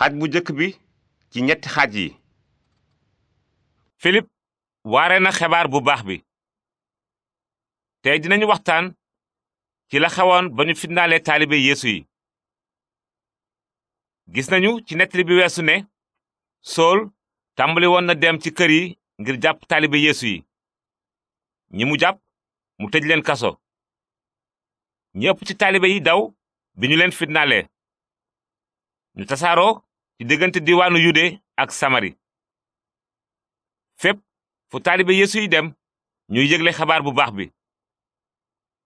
xaaj bu njëkk bi ci ñetti xaaj yi filip waare na xebaar bu baax bi te dinañu waxtaan ci la xewoon ba ñu fitnaalee taalibe yeesu yi gis nañu ci nettali bi weesu ne sool tàmbali woon na dem ci kër yi ngir jàpp taalibe yeesu yi ñi mu jàpp mu tëj leen kaso ñi ëpp ci taalibe yi daw bi ñu leen fitnaalee ñu tasaaroo ci diggante diwaanu yude ak samari fépp fu taalibe yeesu yi dem ñuy yëgle xabaar bu baax bi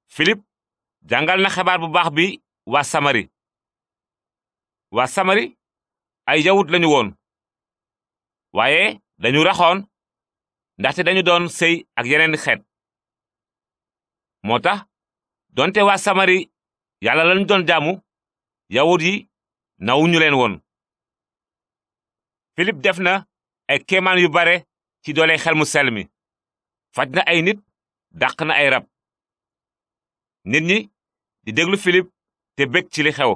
filip jàngal na xabaar bu baax bi waa samari waa samari ay yawut lañu woon waaye dañu raxoon ndaxte dañu doon sëy ak yeneen xet moo tax doonte waa samari yàlla lañu doon jaamu yawut yi nawuñu leen woon filip def na ay kéemaan yu bare ci doole xel mu sel mi faj na ay nit dàq na ay rab nit ñi di déglu filip te bég ci li xew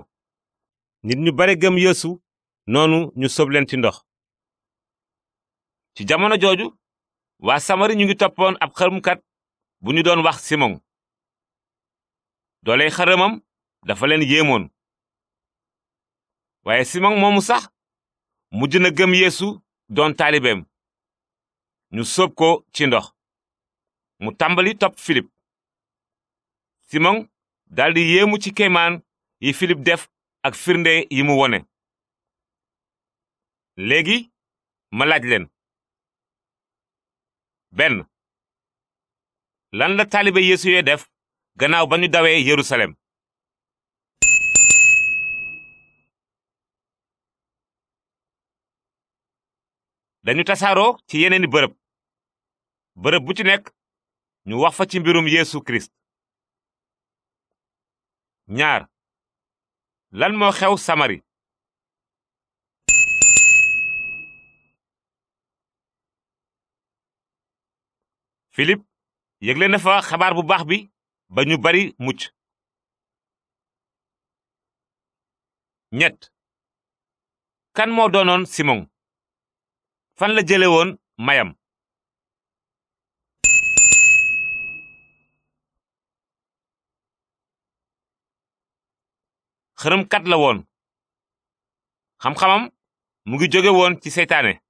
nit ñu bare gëm yeesu noonu ñu sóob leen ci ndox ci jamono jooju waa samari ñu ngi toppoon ab xërëmkat bu ñu doon wax simon doole xërëmam dafa leen yéemoon waaye simon moomu sax mujj na gëm yéesu doon taalibeem ñu sóob ko ci ndox mu tàmbali topp filip simon daldi yéemu ci kéemaan yi filip def ak firnde yi mu wone léegi ma laaj leen benn lan la taalibe yeesu yee def gannaaw ba ñu dawee yerusalem dañu tasaaroo ci yeneeni bërëb bërëb bu ci nekk ñu wax fa ci mbirum yéesu Kirist ñaar lan moo xew Samari Philippe yëgle na fa xabaar bu baax bi ba ñu bari mucc ñett kan moo doonoon Simon fan la jële woon mayam xërëmkat la woon xam mu ngi jóge woon ci seytaane